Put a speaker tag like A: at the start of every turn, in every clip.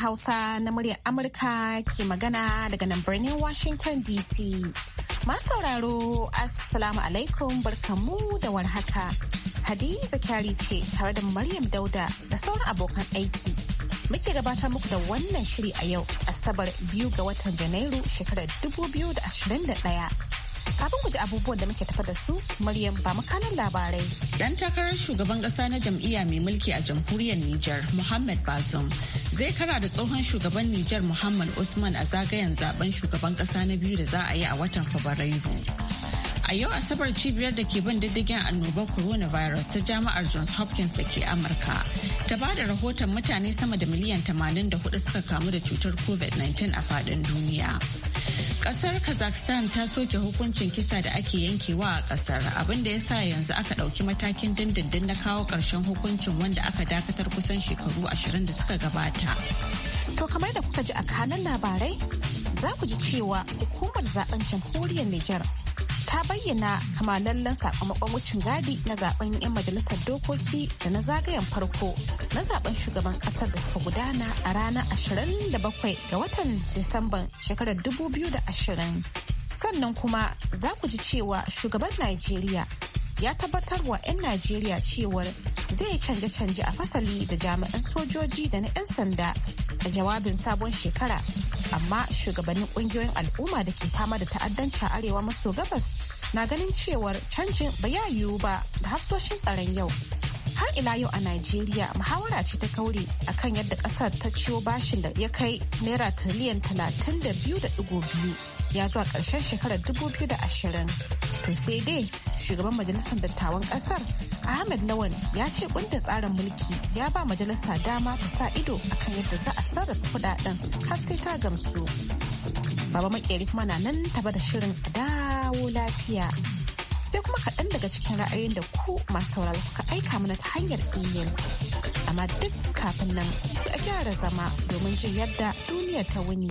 A: Hausa na muryar Amurka ke magana daga nan birnin Washington DC. Masu sauraro, Assalamu alaikum barkamu da warhaka. Hadiza kyari ce tare da Maryam Dauda da sauran abokan aiki. Muke gabatar muku da wannan shiri a yau, Asabar biyu ga watan Janairu shekarar 2021. kafin ku ji abubuwan da muke tafa da su Maryam ba makanan labarai. Dan takarar shugaban kasa na jam'iyya mai mulki a jamhuriyar Nijar Muhammad Bazoum zai kara da tsohon shugaban Nijar Muhammad Usman a zagayen zaben shugaban kasa na biyu da za a yi a watan Fabrairu. A yau Asabar cibiyar da ke bin diddigin annobar coronavirus ta jami'ar Johns Hopkins da ke Amurka ta ba da rahoton mutane sama da miliyan 84 suka kamu da cutar COVID-19 a faɗin duniya. Kasar Kazakhstan ta soke hukuncin kisa da ake yankewa a kasar abinda ya sa yanzu aka ɗauki matakin dindindin na kawo ƙarshen hukuncin wanda aka dakatar kusan shekaru ashirin da suka gabata. To kamar da kuka ji a kanan labarai za ku ji cewa hukumar zaben jamhuriyar Nijar na bayyana kamalallen sakamakon wucin gadi na zaben 'yan majalisar dokoki da na zagayen farko na zaben shugaban kasar da suka gudana a ranar 27 ga watan disamban shekarar 2020 sannan kuma za ku ji cewa shugaban najeriya ya tabbatar wa 'yan najeriya cewar zai canje-canje a fasali da jami'an sojoji da na 'yan sanda a jawabin sabon shekara amma shugabannin kungiyoyin al'umma da ke fama da ta'addanci a arewa maso gabas na ganin cewar canjin ba ya yiwu ba da hafsoshin tsaron yau har ila yau a Najeriya muhawara ce ta kauri akan yadda kasar ta ciwo bashin da ya kai naira tiriliyan biyu ya zuwa karshen shekarar dubu biyu da ashirin to sai dai shugaban majalisar dattawan kasar. Ahmed Lawan ya ce kunda tsarin mulki ya ba majalisa dama ta sa ido akan yadda za a sarrafa kudaden har sai ta gamsu. Baba makeri kuma na nan taba da shirin a dawo lafiya. Sai kuma kaɗan daga cikin ra'ayin da ku masu sauraro kuka aika mana ta hanyar imel. Amma duk kafin nan sai a gyara zama domin jin yadda duniyar ta wuni.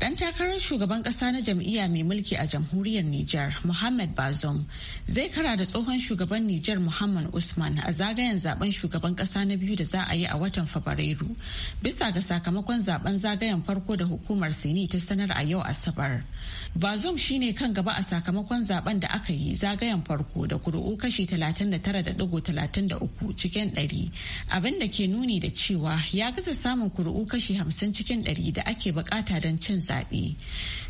A: Ɗan takarar shugaban ƙasa na jam'iyya mai mulki a jamhuriyar Nijar, Muhammad Bazoum, zai kara da tsohon shugaban Nijar Muhammad Usman a zagayen zaben shugaban ƙasa na biyu da za a yi a watan Fabrairu, bisa ga sakamakon zaben zagayen farko da hukumar Sini ta sanar a yau Asabar. Bazoum shine kan gaba a sakamakon zaben da aka yi zagayen farko da kuri'u kashi 39.33 cikin 100, abin da ke nuni da cewa ya gaza samun kuri'u kashi 50 cikin 100 da ake bukata don cin zaɓe.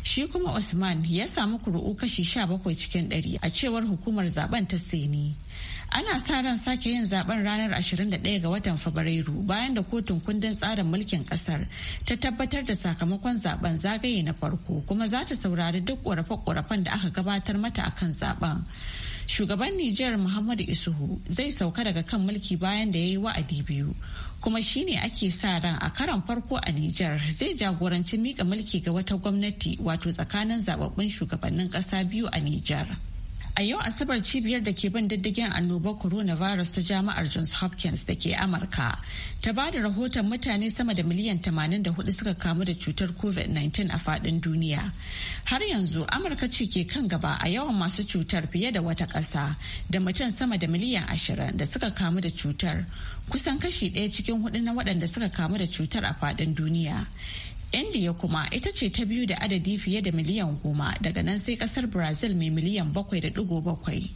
A: Shi kuma Usman ya samu kuri'u kashi sha bakwai cikin 100 a cewar hukumar zaben ta Seni. Ana sa ran sake yin zaben ranar 21 ga watan Fabrairu bayan da kotun kundin tsarin mulkin kasar ta tabbatar da sakamakon zaben zagaye na farko kuma za ta saurari duk ƙorafe-ƙorafen da aka gabatar mata a kan zaben. Shugaban Nijar Muhammadu Isuhu zai sauka daga kan mulki bayan da ya yi wa'adi biyu. kuma shi ne ake sa ran a karan farko a Nijar zai jagoranci mika mulki ga wata gwamnati wato tsakanin zababbun shugabannin ƙasa biyu a Nijar. A yau Asabar cibiyar da ke bin diddigin annobar coronavirus ta jami'ar Johns Hopkins da ke Amurka ta ba da rahoton mutane sama da miliyan 84 suka kamu da cutar COVID-19 a fadin duniya. Har yanzu Amurka ce ke kan gaba a yawan masu cutar fiye da wata ƙasa da mutum sama da miliyan 20 da suka kamu da cutar. Kusan kashi ɗaya cikin hudu na waɗanda suka kamu da cutar a fadin duniya. India kuma ita ce ta biyu da adadi fiye da miliyan goma daga nan sai kasar Brazil mai miliyan bakwai da dugo bakwai.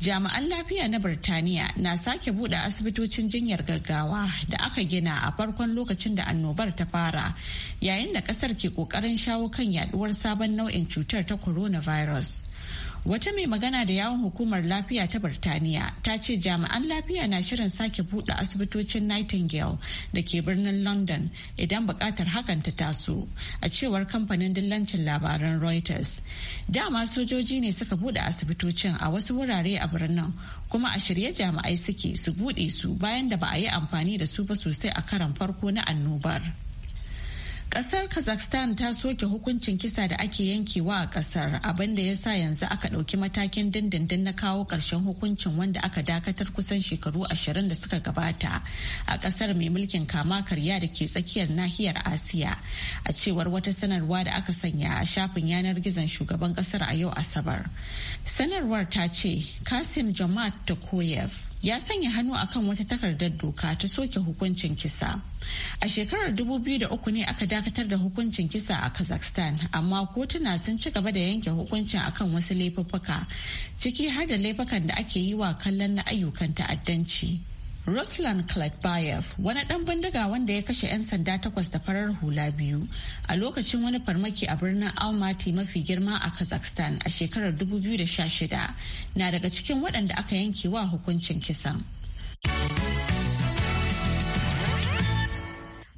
A: Jami'an lafiya na Birtaniya na sake buɗe asibitocin jinyar gaggawa da aka gina a farkon lokacin da annobar ta fara yayin da ƙasar ke ƙoƙarin shawo kan yaduwar sabon nau'in cutar ta coronavirus. Wata mai magana da yawon hukumar lafiya ta Birtaniya ta ce jami'an lafiya na shirin sake buɗe asibitocin Nightingale da ke birnin London idan buƙatar hakan ta taso, a cewar kamfanin dillancin labaran Reuters. Dama sojoji ne suka buɗe asibitocin a wasu wurare a birnin kuma a shirye jami'ai suke su buɗe su bayan da ba a yi amfani da su ba sosai a karan farko na annobar. Kasar Kazakhstan ta soke hukuncin kisa da ake yankewa a kasar abinda ya sa yanzu aka ɗauki matakin dindindin na kawo ƙarshen hukuncin wanda aka dakatar kusan shekaru ashirin da suka gabata a kasar mai mulkin kama karya da ke tsakiyar nahiyar Asiya a cewar wata sanarwa da aka sanya a shafin yanar gizon shugaban kasar a yau Asabar. Sanarwar ta ce Kasim Jamaat Tokoyev ya sanya hannu akan wata takardar doka ta soke hukuncin kisa. A shekarar 2003 ne aka dakatar da hukuncin kisa a Kazakhstan, amma kotuna sun ci gaba da yanke hukuncin akan wasu laifuffuka, ciki har da laifukan da ake yi wa kallon na ayyukan ta'addanci. Ruslan Klatbayev wani ɗan bindiga wanda ya kashe 'yan sanda takwas da farar hula biyu a lokacin wani farmaki a birnin Almaty mafi girma a Kazakhstan a shekarar 2016 na daga cikin waɗanda aka yanke wa hukuncin kisan.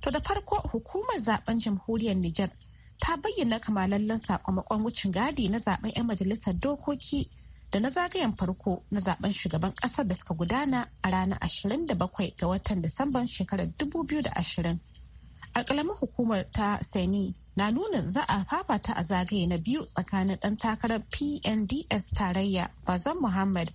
A: To da farko hukumar zaben jamhuriyar Nijar ta bayyana kamalallen sakamakon wucin gadi na zaben 'yan majalisar dokoki da na zagayen farko na zaben shugaban ƙasar da suka gudana a ranar 27 ga watan Disamban shekarar 2020. Alƙalamin hukumar ta Seni na nuna za a fafata a zagaye na biyu tsakanin ɗan takarar PNDS tarayya Fazan Muhammad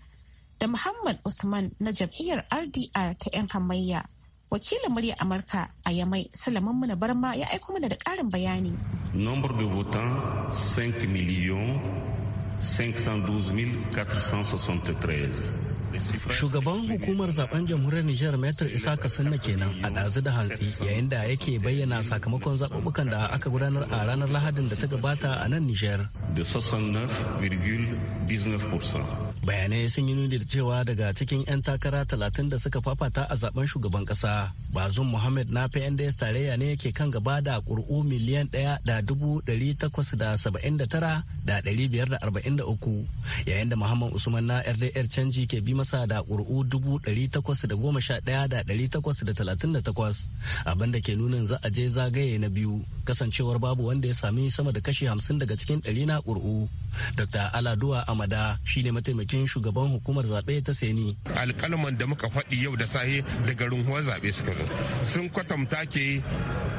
A: da Muhammad Usman na jam'iyyar RDR ta 'yan hamayya. wakilin murya amurka a yamai salaman muna barma ya aiko mana da ƙarin bayani
B: nombre de votants 5 millions
C: Shugaban hukumar zaben jamhuriyar Nijar isa isa na kenan a ɗazu da hantsi yayin da yake bayyana sakamakon zaɓuɓɓukan da aka gudanar a ranar Lahadin da ta gabata a nan Nijar.
B: Da 69,19%.
C: bayanai sun yi nuni da cewa daga cikin 'yan takara talatin da suka fafata a zaben shugaban kasa bazum muhammad na pnds tarayya ne ke kan gaba da ƙuri'u miliyan 1,879,543 yayin da muhammad usman na rdr canji ke bi masa da ƙuri'u 811,838 abin da ke nunin za a je zagaye na biyu kasancewar babu wanda ya sami sama da kashi 50 daga cikin 100 na ƙuri'u dr aladuwa amada shine mataimakin ofishin shugaban hukumar zaɓe ta seni
D: alƙalman da muka faɗi yau da sahe daga huwa zaɓe suka zo sun kwatanta ke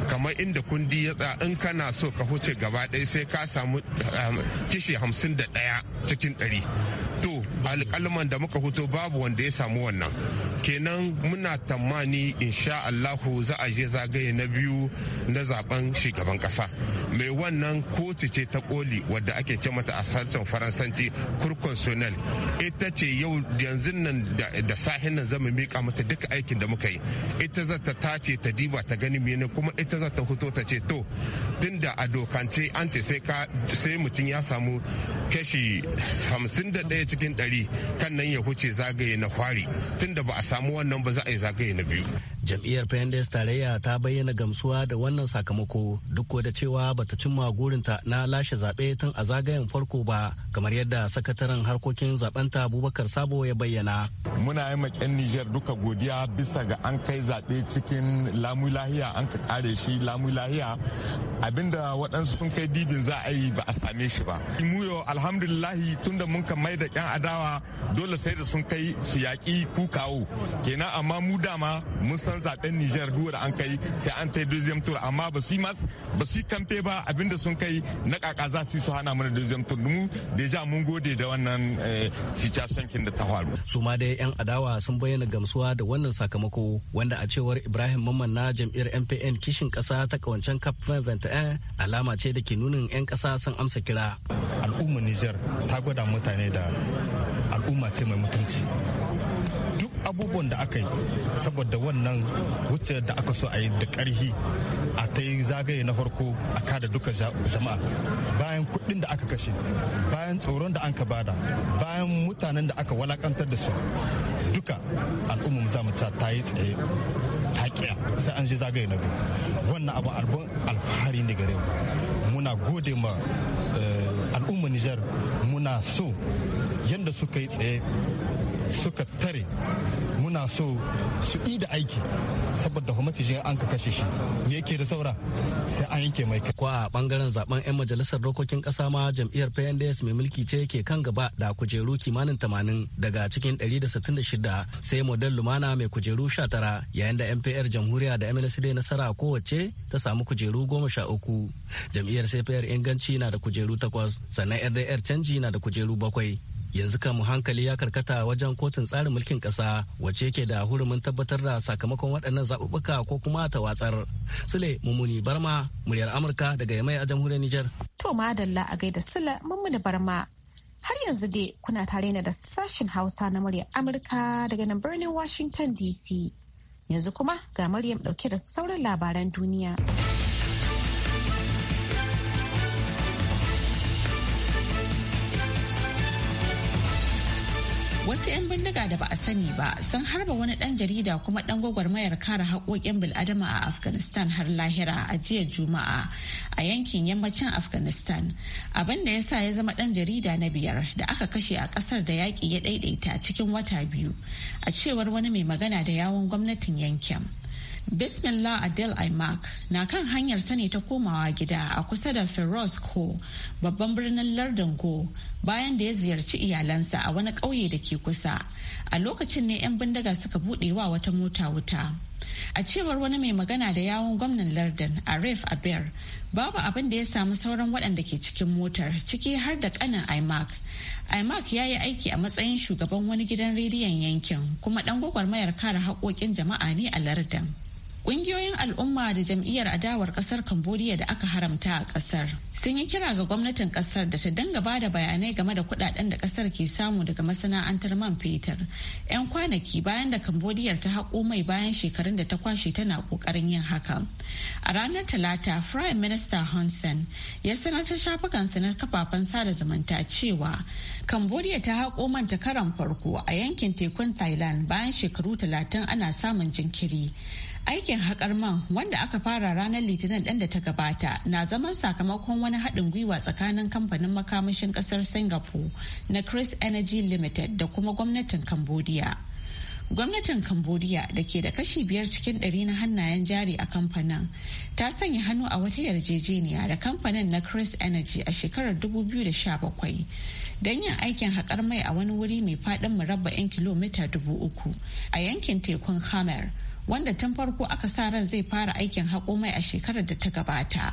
D: kamar inda kundi ya tsa in kana so ka huce gaba ɗaya sai ka samu um, kishi hamsin da ɗaya cikin ɗari to alƙalman da muka huto babu wanda ya samu wannan kenan muna tamani insha allahu za a je zagaye na biyu na zaben shugaban ƙasa mai wannan kotu ce ta koli wadda ake ce mata a harshen faransanci kurkonsonel ita ce yau yanzu nan da sahin nan zama mika mata duka aikin da muka yi ita za ta tace ta diba ta gani mene kuma ita za ta fito ta ce to tunda a dokance an ce sai mutum ya samu kashi hamsin da ɗaya cikin ɗari kan nan ya huce zagaye na kwari tunda ba a samu wannan ba za a yi zagaye na biyu jam'iyyar
C: pendes tarayya ta bayyana gamsuwa da wannan sakamako duk da cewa bata cimma gurinta na lashe zaɓe tun a zagayen farko ba kamar yadda sakataren harkokin zabanta Abubakar
D: Sabo ya bayyana. Muna yi makin Nijar duka godiya bisa ga an kai zaɓe cikin lamu lahiya an ka kare shi lamu lahiya abinda waɗansu sun kai dibin za a yi ba a same shi ba. Mu yau alhamdulillahi tunda mun ka mai da ƴan adawa dole sai da sun kai su yaƙi kukawo. Kenan amma mu dama mun san zaɓen Nijar da an kai sai an ta deuxième tour amma ba su yi mas ba su yi kamfe ba abinda sun kai na kaka za su yi su hana mana deuxième tour mu deja mun gode da wannan eh, situation
C: kin da ta faru su ma dai yan adawa sun bayyana gamsuwa da wannan sakamako wanda a cewar Ibrahim Mamman na jam'iyyar MPN kishin kasa ta kawancen CAP 2021 alama ce da ke nunin
D: yan kasa sun amsa kira al'ummar Niger ta gwada mutane da al'umma ce mai mutunci abubuwan da aka yi saboda wannan wuce da aka so a yi da karhi a ta yi zagaye na farko a kada duka jama'a bayan kuɗin da aka kashe bayan tsoron da an ka bada bayan mutanen da aka walakantar da su duka al'ummar zamu ta yi tsaye haƙiya sai an ji zagaye na biyu wannan abu albon alfahari ne gare mu muna gode ma eh, al'umma mu Nijar muna so yadda suka yi tsaye suka tare muna so su yi da aiki saboda gwamnati jin an ka kashe shi me yake da saura sai an yanke mai ko a
C: bangaren zaben yan majalisar dokokin kasa ma jam'iyyar PNDS mai mulki ce ke kan gaba da kujeru kimanin 80 daga cikin 166 sai model Lumana mai kujeru 19 yayin da MPR Jamhuriya da MNSD nasara kowace ta samu kujeru 13 jam'iyyar CPR inganci na da kujeru 8 sannan na rdr canji na da kujeru bakwai yanzu kan hankali ya karkata wajen kotun tsarin mulkin kasa wacce ke da hurumin tabbatar da sakamakon waɗannan zaɓuɓɓuka ko kuma ta watsar sule mummuni barma muryar amurka daga yamai a jamhuriyar Nijar.
A: to madalla a gaida sule mummuni barma har yanzu dai kuna tare na da sashen hausa na muryar amurka daga nan birnin washington dc yanzu kuma ga maryam ɗauke da sauran labaran duniya. Wasu 'yan bindiga da ba a sani ba sun harba wani dan jarida kuma ɗan gwagwarmayar kare haƙoƙin bil'adama a Afghanistan har lahira a jiya Juma'a a yankin yammacin Afghanistan. Abin da ya sa ya zama dan jarida na biyar da aka kashe a ƙasar da yaƙi ya ɗaiɗaita cikin wata biyu a cewar wani mai magana da yawon gwamnatin yankin. Bismillah Adel Aimak na kan hanyar sani ta komawa gida a kusa da Feroz Ko babban birnin lardin Ko bayan da ya ziyarci iyalansa a wani ƙauye da ke kusa a lokacin ne 'yan bindiga suka buɗe wa wata mota wuta a cewar wani mai magana da yawon gwamnan lardin arif abir babu abin da ya samu sauran waɗanda ke cikin motar ciki har da ƙanin imac imac ya yi aiki a matsayin shugaban wani gidan rediyon yankin kuma ɗan gwagwarmayar kare haƙoƙin jama'a ne a lardin Ƙungiyoyin al'umma da jam'iyyar adawar ƙasar Cambodia da aka haramta a ƙasar sun yi kira ga gwamnatin ƙasar da ta danga ba da bayanai game da kuɗaɗen da ƙasar ke samu daga masana'antar man fetur. 'Yan kwanaki bayan da Cambodia ta haƙo mai bayan shekarun da ta kwashe tana ƙoƙarin yin haka. A ranar Talata, Prime Minister Hansen ya sanar ta shafukansa na kafafen sada zumunta cewa Cambodia ta haƙo man ta karan farko a yankin tekun Thailand bayan shekaru talatin ana samun jinkiri. Aikin haƙar man wanda aka fara ranar Litinin ɗan da ta gabata na zaman sakamakon wani haɗin gwiwa tsakanin kamfanin makamashin ƙasar Singapore na Chris Energy Limited da kuma gwamnatin Cambodia. Gwamnatin Cambodia da ke da kashi biyar cikin ɗari na hannayen jari a kamfanin ta sanya hannu a wata yarjejeniya da kamfanin na Chris Energy a shekarar 2017. don yin aikin haƙar mai a wani wuri mai faɗin murabba'in kilomita dubu uku a yankin tekun Hamer wanda tun farko aka sa ran zai fara aikin haƙo mai a shekarar da ta gabata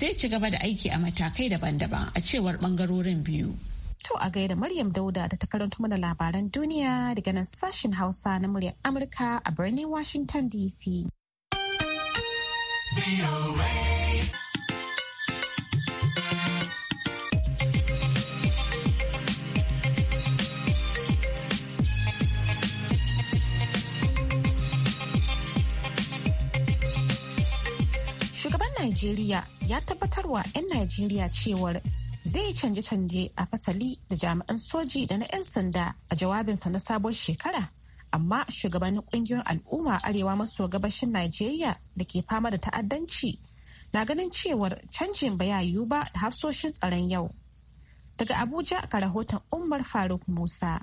A: zai ci gaba da aiki a matakai daban-daban a cewar bangarorin biyu. To a gaida Maryam Dauda da ta karanto mana labaran duniya daga nan sashen Hausa na muryar Amurka a birnin Washington DC. Najeriya ya tabbatarwa 'yan Najeriya cewar zai canje-canje a fasali da jami'an soji da na 'yan sanda a jawabinsa na sabon shekara. Amma shugabannin kungiyar al'umma arewa maso gabashin Najeriya da ke fama da ta'addanci na ganin cewar canjin ba ya yiwu ba da hafsoshin tsaron yau. Daga Abuja ga rahoton Umar Faruk Musa.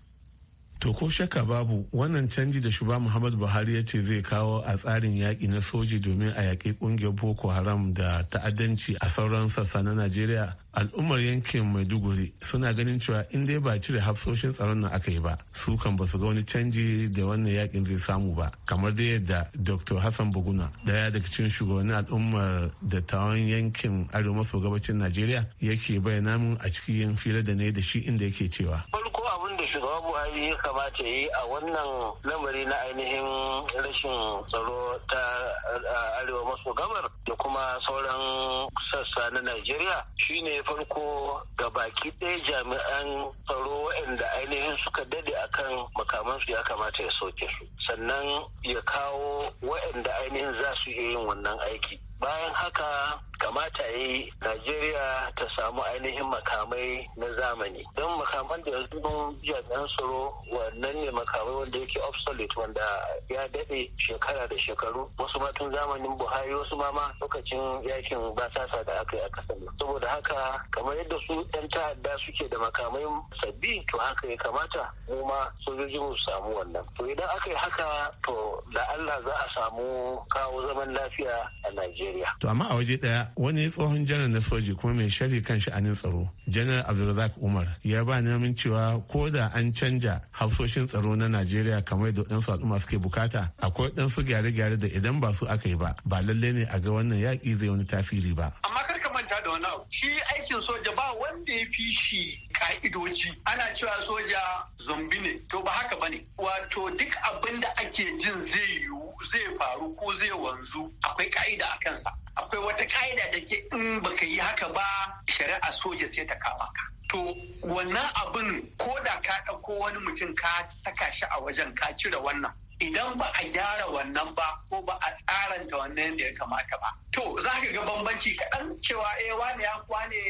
B: To ko shaka babu wannan canji da shugaba Muhammadu Buhari ya ce zai kawo a tsarin yaƙi na soji domin a yaƙi ƙungiyar Boko Haram da ta'addanci a sauran sassa na Najeriya al'ummar yankin Maiduguri suna ganin cewa in dai ba cire hafsoshin tsaron nan aka yi ba su kan ba su ga wani canji da wannan yaƙin zai samu ba kamar dai yadda Dr. Hassan Buguna daya daga cikin shugabannin al'ummar da dattawan yankin arewa maso gabacin Najeriya yake bayyana mun a cikin fira da ne da shi inda yake cewa.
E: abin da shugaba buhari
F: ya kamata yi a wannan lamari na ainihin rashin tsaro ta arewa maso gabar da kuma sauran sassa na najeriya shine farko ga baki ɗaya jami'an tsaro waɗanda ainihin suka dade kan makamansu ya kamata ya soke su sannan ya kawo waɗanda ainihin za su iya yin wannan aiki bayan haka kamata ya yi najeriya ta samu ainihin makamai na zamani don makaman da yanzu mun ɗan tsaro wannan ne makamai wanda yake obsolete wanda ya daɗe shekara da shekaru wasu ma tun zamanin buhari wasu mama, lokacin yakin basasa da aka yi a ƙasar saboda haka kamar yadda su 'yan ta'adda suke da makamai sabbi to haka ya kamata mu ma sojoji mu samu wannan to idan aka yi haka to da Allah za a samu kawo zaman lafiya a Najeriya.
B: To amma a waje ɗaya wani tsohon janar na soji kuma mai shari kan sha'anin tsaro janar abdulrazak umar ya ba neman cewa ko da an canja hafsoshin tsaro na najeriya kamar da ɗansu al'umma suke bukata akwai ɗansu gyare-gyare da idan ba su aka yi ba ba lallai ne a ga wannan yaƙi zai wani tasiri ba
G: amma kar ka manta da wani abu shi aikin soja ba wanda ya fi shi ka'idoji ana cewa soja zombi ne to ba haka bane wato duk abin da ake jin zai yiwu zai faru ko zai wanzu akwai ka'ida a kansa akwai wata ka'ida da ke in baka yi haka ba shari'a soja sai ta kama ka to wannan abin ko da ka ɗauko wani mutum ka saka shi a wajen ka cire wannan idan ba a gyara wannan ba ko ba a tsaranta wannan da ya kamata ba to za ka ga bambanci kaɗan cewa eh wane ya kuwa ne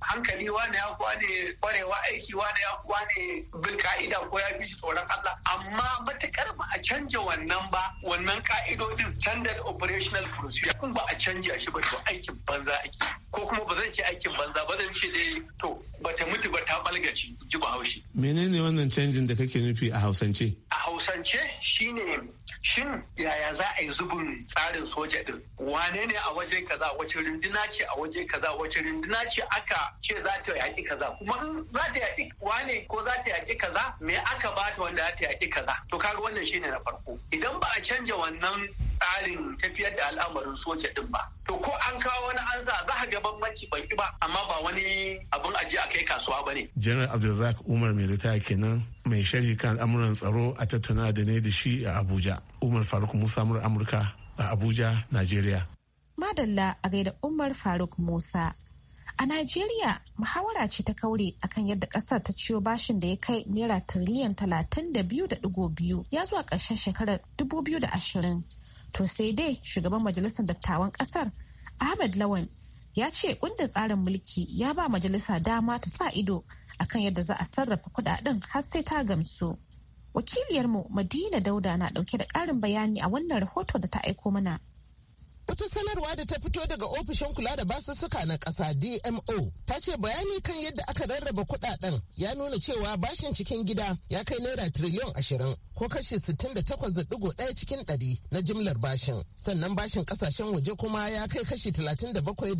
G: hankali wane ya kuwa ne kwarewa aiki wane ya kuwa ne bin ka'ida ko ya fi tsoron Allah amma matukar ba a canja wannan ba wannan ka'idodin standard operational procedure kun ba a canja shi ba to aikin banza ake ko kuma ba zan ce aikin banza ba zan ce dai to bata mutu ba ta ɓalgaci ji bahaushe.
B: Menene wannan canjin da kake nufi a Hausance? A Hausance shine shin yaya za a yi zubin tsarin
G: soja din wane ne a waje kaza wace rinduna ce a waje kaza wace rinduna ce aka ce za ta yaƙi kaza kuma za ta yaƙi wane ko za ta yaƙi kaza me aka bata wanda za ta yaƙi kaza to kaga wannan shine na farko idan ba a canja wannan tsarin tafiyar da al'amarin soja din ba to ko an kawo wani an za a ga banbanci ban ba amma ba wani abun ajiye a kai kasuwa ba ne.
B: Janar abdulrazak umar mai ritaya kenan mai sharhi kan al'amuran tsaro a tattauna da ne da shi a abuja umar faruk musa mur amurka a abuja Najeriya.
A: madalla a gaida umar faruk musa A Najeriya muhawara ce ta kaure akan yadda ƙasar ta ciyo bashin da ya kai naira tiriliyan biyu ya zuwa ƙarshen shekarar da ashirin. To sai dai shugaban majalisar dattawan kasar Ahmed Lawan ya ce kundin tsarin mulki ya ba majalisa dama ta sa ido akan yadda za a sarrafa kudaden har sai ta gamsu. Wakiliyarmu Madina Dauda na dauke da karin bayani a wannan rahoto da ta aiko mana.
H: Wata sanarwa da ta fito daga ofishin kula da basussuka na ƙasa DMO ta ce bayani kan yadda aka rarraba kuɗaɗen ya nuna cewa bashin cikin gida ya kai naira tiriliyon ashirin ko kashi sittin cikin ɗari na jimlar bashin. Sannan bashin ƙasashen waje kuma ya kai kashi talatin da bakwai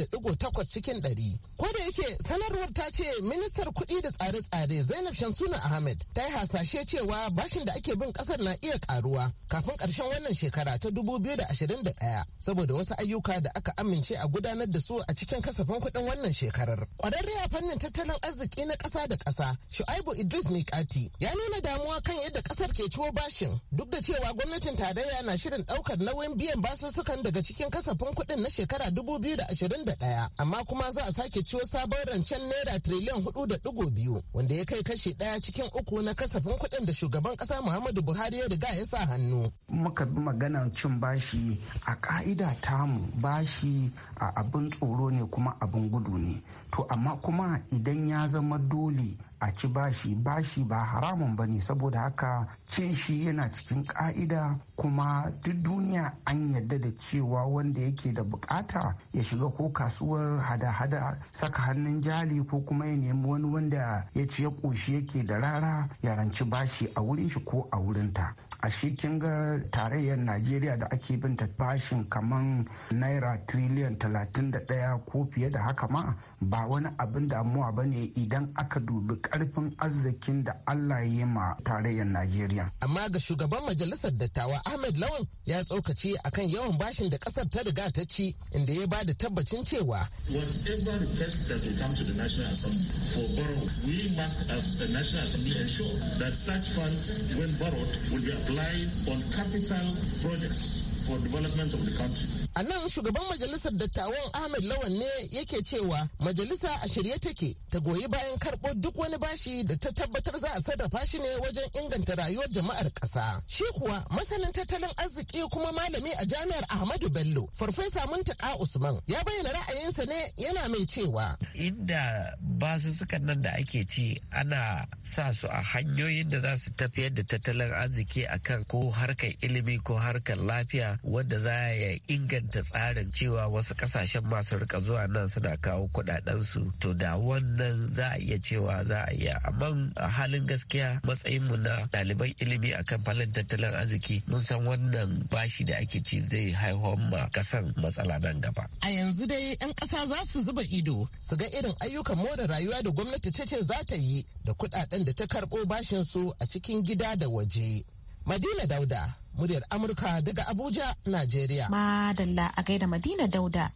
H: cikin ɗari. Ko da yake sanarwar ta ce ministar kuɗi da tsare-tsare Zainab Shamsuna Ahmed ta yi hasashe cewa bashin da ake bin ƙasar na iya ƙaruwa kafin ƙarshen wannan shekara ta dubu biyu da ashirin da ɗaya saboda da wasu ayyuka da aka amince a gudanar da su a cikin kasafin kuɗin wannan shekarar. Ƙwararre a fannin tattalin arziki na ƙasa da ƙasa, Shu'aibu Idris Mikati, ya nuna damuwa kan yadda ƙasar ke ciwo bashin duk da cewa gwamnatin tarayya na shirin ɗaukar nauyin biyan basussukan daga cikin kasafin kuɗin na shekara 2021 amma kuma za a sake ciwo sabon rancen naira triliyan 4.2 wanda ya kai kashi ɗaya cikin uku na kasafin kuɗin da shugaban ƙasa Muhammadu Buhari ya riga ya sa hannu. Muka bi maganar cin bashi a ka'ida tamu bashi a abin tsoro ne kuma abin gudu ne to amma kuma idan ya zama dole a ci bashi bashi ba haramun ba ne saboda haka cin shi yana cikin ka'ida kuma duk duniya an yarda da cewa wanda yake da bukata ya shiga ko kasuwar hada-hada saka hannun jari ko kuma ya nemi wani wanda ya ci ya koshi yake da rara ya ranci bashi a wurin shi ko a wurinta ashe kin ga tarayyar najeriya da ake binta bashin kaman naira triliyan 31 ko fiye da haka ma ba wani abin damuwa ba ne idan aka dubi karfin arzikin da Allah ya yi ma tarayyar Najeriya. Amma ga shugaban majalisar dattawa Ahmed Lawan ya tsokaci akan yawan bashin da kasar ta riga ta ci inda ya ba da tabbacin cewa.
D: Whatever request that will come to the National Assembly for borrow, we must as the National Assembly ensure that such funds when borrowed will be applied on capital projects for development of the country.
H: A nan shugaban majalisar dattawan Ahmed Lawan ne yake cewa majalisa a shirye take ta goyi bayan karɓo duk wani bashi da ta tabbatar za a sarrafa shi ne wajen inganta rayuwar jama'ar ƙasa. Shi kuwa masanin tattalin arziki kuma malami a jami'ar Ahmadu Bello, Farfesa Muntaka Usman ya bayyana ra'ayinsa ne yana mai cewa.
F: Inda ba su suka nan da ake ci ana sa su a hanyoyin da za su tafiyar da tattalin arziki akan ko harkar ilimi ko harkar lafiya wanda za ya inganta inganta tsarin cewa wasu kasashen masu rika zuwa nan suna kawo kudadensu to da wannan za a iya cewa za a iya amma a halin gaskiya matsayin mu na ɗaliban ilimi akan falon tattalin arziki mun san wannan bashi da ake ci zai haihuwar ma kasan matsala nan gaba.
H: A yanzu dai 'yan kasa za su zuba ido su ga irin ayyukan more rayuwa da gwamnati ta ce za ta yi da kudaden da ta karbo bashin su a cikin gida da waje. Madina Dauda, muryar Amurka daga Abuja, Najeriya.
A: Madalla a gaida Madina Dauda.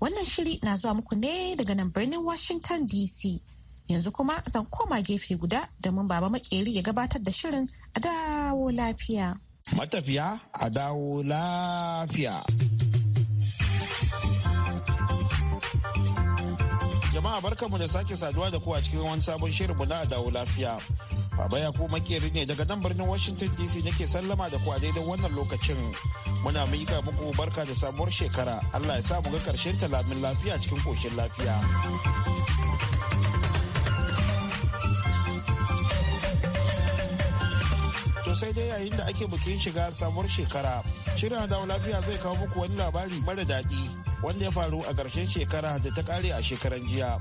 A: Wannan shiri na zuwa muku ne daga nan birnin Washington DC. Yanzu kuma zan koma gefe guda domin baba makeri ya gabatar da shirin a dawo lafiya.
D: Matafiya a dawo lafiya. Jama'a barkanmu da sake saduwa da kowa cikin wani sabon shirin na dawo lafiya. Baba ya kuma makeri ne daga nan birnin Washington DC nake sallama da ku a daidai wannan lokacin. Muna mika muku barka da sabuwar shekara. Allah ya sa mu ga karshen talamin lafiya cikin koshin lafiya. sosai sai dai yayin da ake bikin shiga samuwar shekara, shirin hadawa lafiya zai kawo muku wani labari mara daɗi wanda ya faru a ƙarshen shekara da ta ƙare a shekaran jiya.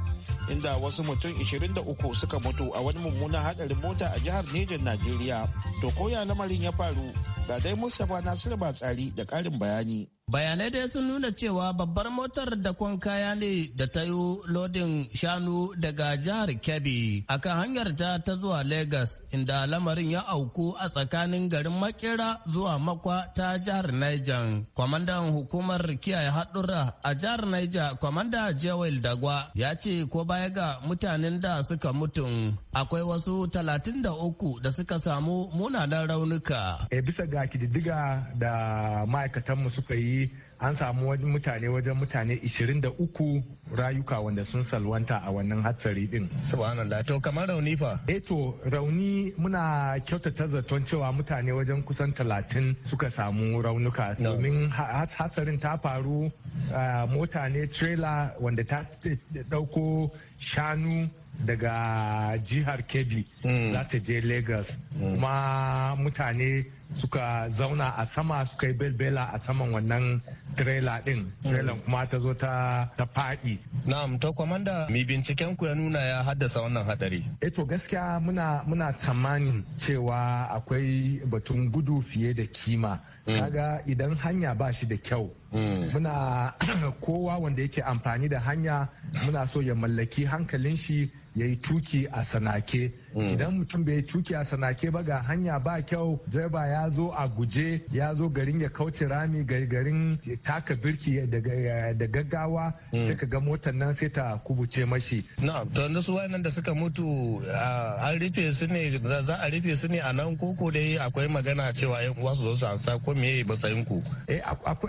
D: inda wasu mutum 23 suka mutu a wani mummunan hadarin mota a jihar Nejan Najeriya. To koya lamarin ya faru ga dai Mustapha Nasiru tsari da ƙarin bayani. Bayanai
F: dai sun nuna cewa babbar motar da kwan kaya ne da ta yi lodin shanu daga jihar Kebbi akan hanyar ta ta zuwa Legas inda lamarin ya auku a tsakanin garin Makera zuwa Makwa ta jihar Niger. Kwamandan hukumar kiyaye haɗura a jihar Niger, Kwamanda Jewel Dagwa ya ce ko baya ga mutanen da suka mutum akwai wasu talatin da uku da suka samu
I: munanan raunuka. Eh, bisa ga kididdiga da ma'aikatanmu suka yi an samu mutane wajen mutane 23 rayuka wanda sun salwanta a wannan hatsari din. Subhanallah to kamar rauni fa? Eto eh to rauni muna kyautata zaton cewa mutane wajen kusan 30 suka samu raunuka domin hatsarin ta faru ah, mota ne trailer wanda ta dauko shanu daga jihar kebbi mm. za ta je lagos mm. kuma mutane suka zauna a sama suka yi belbela a saman wannan trela din mm. trailer kuma ta zo ta faɗi. na'am ta kwamanda mi binciken ku ya nuna ya haddasa wannan hadari Eto eh to gaskiya muna tsammanin cewa akwai batun gudu fiye da kima Mm. kaga idan hanya ba shi da kyau mm. muna kowa wanda yake amfani da hanya muna so ya mallaki hankalin shi ya yi tuki a sanake Mm. idan mutum bai cuki a sanake ba ga hanya ba kyau direba ya zo a guje ya zo garin ya kauce rami garin taka birki da gaggawa mm. sai ka ga motar nan sai ta kubuce mashi
F: Na to su wayannan da suka mutu an rufe su ne za a rufe su ne a nan koko dai akwai magana cewa yan uwa su zo su ansa ko me matsayin ku
I: eh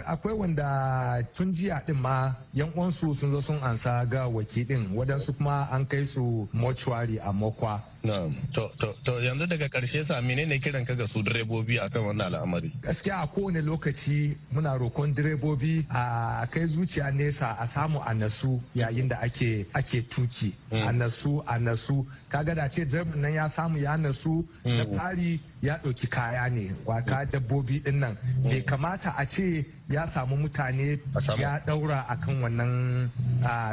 I: akwai wanda tun jiya din ma yan su sun zo sun ansa ga wakilin wadansu kuma an kai su mortuary a mokwa To
F: yanzu daga karshe sa ne kiran ka ga su direbobi akan wannan al'amari?
I: Gaskiya a kowane lokaci muna rokon direbobi a kai zuciya nesa a samu annasu yayin da ake ake tuki. Mm. Annasu annasu kaga da ce direban nan ya samu ya nasu mm. da fari ya ɗauki kaya ne Waka mm. dabbobi ɗin nan bai kamata a ce ya samu mutane ya daura kan wannan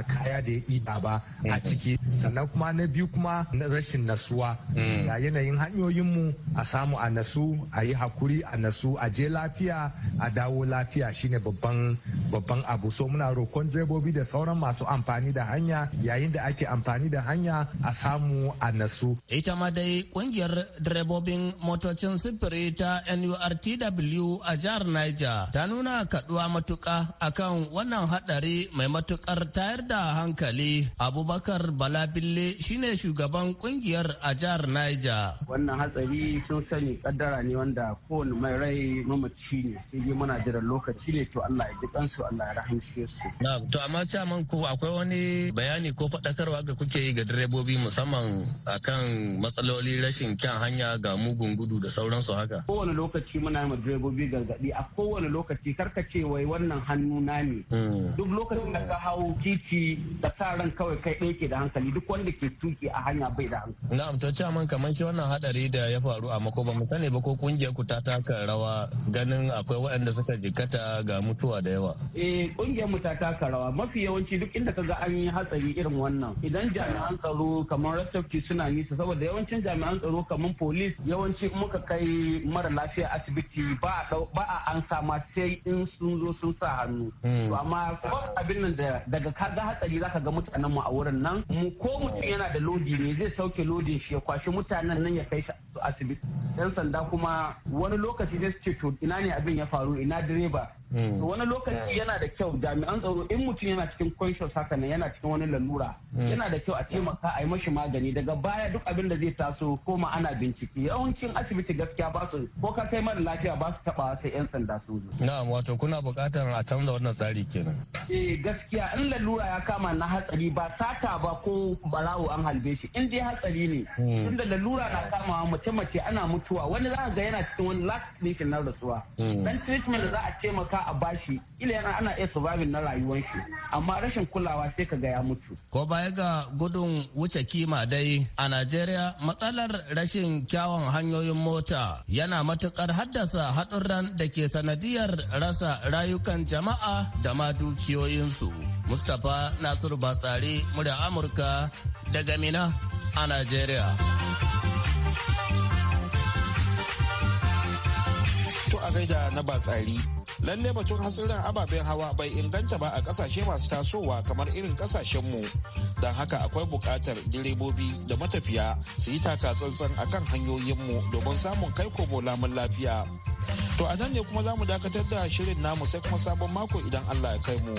I: kaya da ya ida ba a mm. ciki sannan kuma na biyu kuma na rashin nasuwa mm. Ya yanayin hanyoyinmu a samu a nasu a yi hakuri a nasu a je lafiya a dawo lafiya shine babban babban abu so muna rokon direbobi da sauran masu amfani da hanya yayin da ake amfani da hanya a samu a nasu ita ma dai kungiyar direbobin motocin
F: sifiri ta nurtw a jihar niger ta nuna kaduwa matuka akan wannan hadari mai matukar tayar da hankali abubakar
E: balabille shine shugaban ƙungiyar a jihar niger wannan hatsari sun sani kaddara ne wanda kowane mai rai mamaci ne sai dai muna jiran lokaci ne to allah ya ji kansu allah ya rahamshe su
F: to amma caman ku akwai wani bayani ko faɗakarwa ga kuke yi ga direbobi musamman akan matsaloli rashin kyan hanya ga mugun gudu da sauransu haka
E: kowane lokaci muna yi direbobi gargaɗi a kowane lokaci kar Ka ce wai wannan hannu na ne hmm. duk lokacin da ka hau titi da sa ran kawai kai ɗaya ke da hankali duk wanda ke tuki a hanya bai da hankali
F: na'am to man kamar ki wannan hadari da ya faru a mako ba mu sani ba ko kungiyar ku ta taka rawa ganin akwai waɗanda suka jikkata ga mutuwa da yawa
E: eh ƙungiyar mu ta taka rawa mafi yawanci duk inda ka ga an yi hatsari irin wannan idan jami'an tsaro kamar rasafki suna nisa saboda yawancin jami'an tsaro kamar police yawanci muka kai mara lafiya asibiti ba a an sama sai in sun zo sun sa hannu hmm. to amma abin nan daga ka ga hatsari zaka ga mutanen mu a wurin nan mu ko mutum yana da lodi ne zai sauke lodin shi ya kwashe mutanen nan ya kai shi asibiti 'yan sanda kuma wani lokaci zai ce to ina ne abin ya faru ina direba Mm. to wani lokaci yana da kyau jami'an tsaro in mutum yana cikin conscious haka nan yana cikin wani lalura mm. yana da kyau a taimaka a yi mashi magani daga baya duk abin da zai taso ko ma ana bincike yawancin asibiti gaskiya ba su ko ka kai mana lafiya ba su taba sai yan sanda su
F: zo na'am wato kuna buƙatar a canza wannan tsari kenan
E: eh gaskiya in lalura ya kama na hatsari ba sata ba ko balawo an halbe shi in dai hatsari ne mm. tunda lalura na kamawa mace mace ana mutuwa wani za ga yana cikin wani last na rasuwa dan treatment za a taimaka taimaka a bashi ila yana ana iya surviving na rayuwar shi amma rashin kulawa sai ka ga ya mutu ko baya ga gudun
F: wuce kima dai a Najeriya matsalar rashin kyawun hanyoyin mota yana matukar haddasa haɗurran da ke sanadiyar rasa rayukan jama'a da ma dukiyoyinsu Mustapha Nasiru Batsari murya Amurka
D: daga Mina a Najeriya. To a gaida na Batsari lalle batun hatsarin ababen hawa bai inganta ba a kasashe masu tasowa kamar irin kasashenmu don haka akwai bukatar direbobi da matafiya su yi taka tsantsan kan hanyoyinmu domin samun kai komo lamun lafiya to a nan ne kuma za mu dakatar da shirin namu sai kuma sabon mako idan allah ya kai mu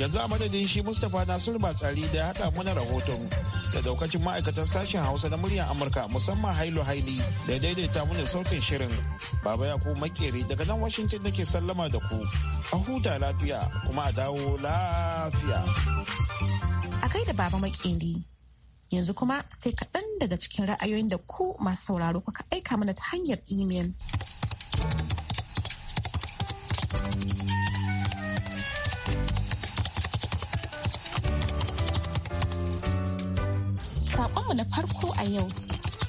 D: yanzu a madadin shi mustapha nasiru batsari da ya haɗa mana rahoton da daukacin ma'aikatan sashen hausa na muryar amurka musamman hailu haili da daidaita mana sautin shirin Baba ya ku makere daga nan Washington nake sallama da ku. A huta lafiya kuma a dawo lafiya.
A: A kai da baba makeri. Yanzu kuma sai kaɗan daga cikin ra'ayoyin da ku masu sauraro kuka aika mana ta hanyar imel. Saƙonmu na farko a yau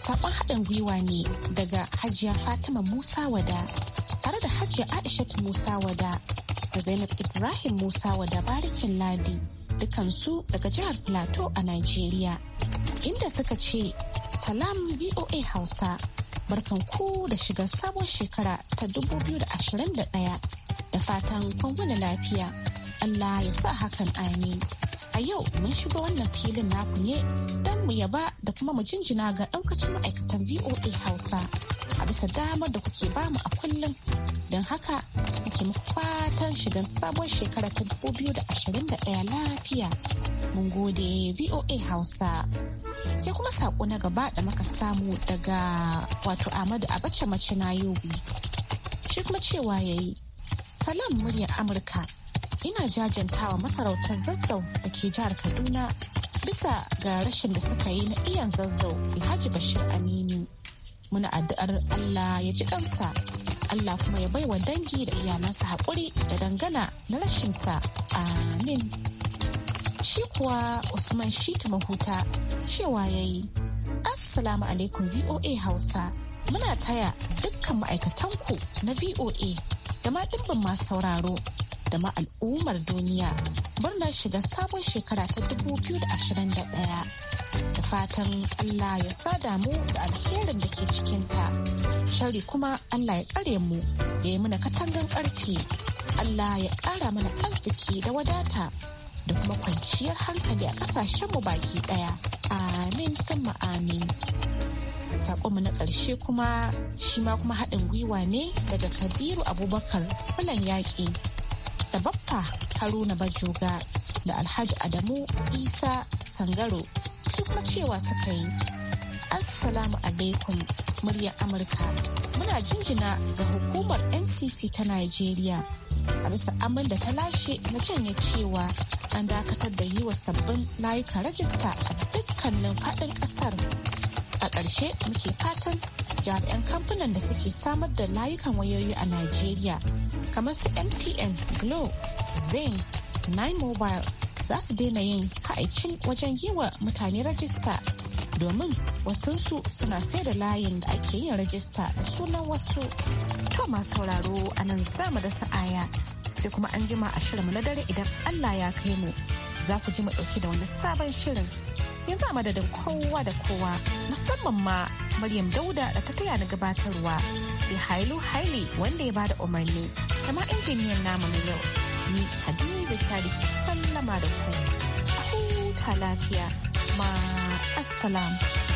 A: Saƙon haɗin gwiwa ne daga Hajiya Fatima Musa Wada tare da Hajiya Aishatu Musa Wada da Zainab Ibrahim Musa Wada Barikin Ladi dukansu daga jihar Plateau a Najeriya. Inda suka ce, Salam VOA Hausa, barkan ku da shigar sabon shekara ta 2021 da fatan kun lafiya. Allah ya sa hakan amin. A yau mun shiga wannan filin naku ne don mu yaba da kuma mu jinjina ga ɗaukacin ma'aikatan VOA Hausa a bisa damar da kuke bamu a kullum. Don haka muke muku fatan shigar sabon shekara ta 2021 lafiya. Mun gode VOA Hausa. sai kuma saƙo na gaba da muka samu daga wato Ahmadu Abacha mace na yobi. Shi kuma cewa yayi. Salam muryar Amurka. ina jajantawa masarautar zazzau da ke jihar kaduna bisa ga rashin da suka yi na iyan zazzau alhaji bashir aminu muna addu'ar allah ya ji kansa allah kuma ya baiwa dangi da iyalansa haƙuri da dangana na rashinsa amin shi kuwa usman shitu mahuta cewa ya yi assalamu alaikum voa hausa muna taya dukkan ma'aikatanku na voa da ma dimbin masu sauraro da ma al'ummar duniya murnar shiga sabon shekara ta 2021 da fatan Allah ya sada mu da alherin da ke cikinta shari kuma Allah ya tsare mu ya yi mana katangan karfe Allah ya ƙara mana arziki da wadata da kuma kwanciyar hankali a mu baki ɗaya amin sama amin sakonmu na ƙarshe kuma shi ma kuma haɗin gwiwa ne daga kabiru abubakar bulan yaƙi da bappa haruna bajoga da alhaji adamu isa sangaro su kuma cewa suka yi assalamu alaikum muryar amurka muna jinjina ga hukumar ncc ta nigeria a bisa amin da ta lashe na canya cewa an dakatar da yi wa sabbin layuka rajista a dukkanin faɗin ƙasar ƙarshe muke fatan jami'an kamfanin da suke samar da layukan wayoyi a Najeriya kamar su MTN, Glo, Zain, Nine Mobile za su daina yin ka'aikin wajen yi wa mutane rajista domin wasansu suna sai da layin da ake yin rajista da sunan wasu. To masu sauraro a nan sama da sa'aya sai kuma an jima a shirin na dare idan Allah ya kai mu za ku ji mu ɗauki da wani sabon shirin. yanzu a madadin kowa da kowa musamman ma Maryam Dauda da ta taya na gabatarwa sai Hailu Haile wanda ya bada umarni da ma injiniyan namu na yau ni Hadiza Kyari ke sallama da ku. A huta lafiya ma assalamu.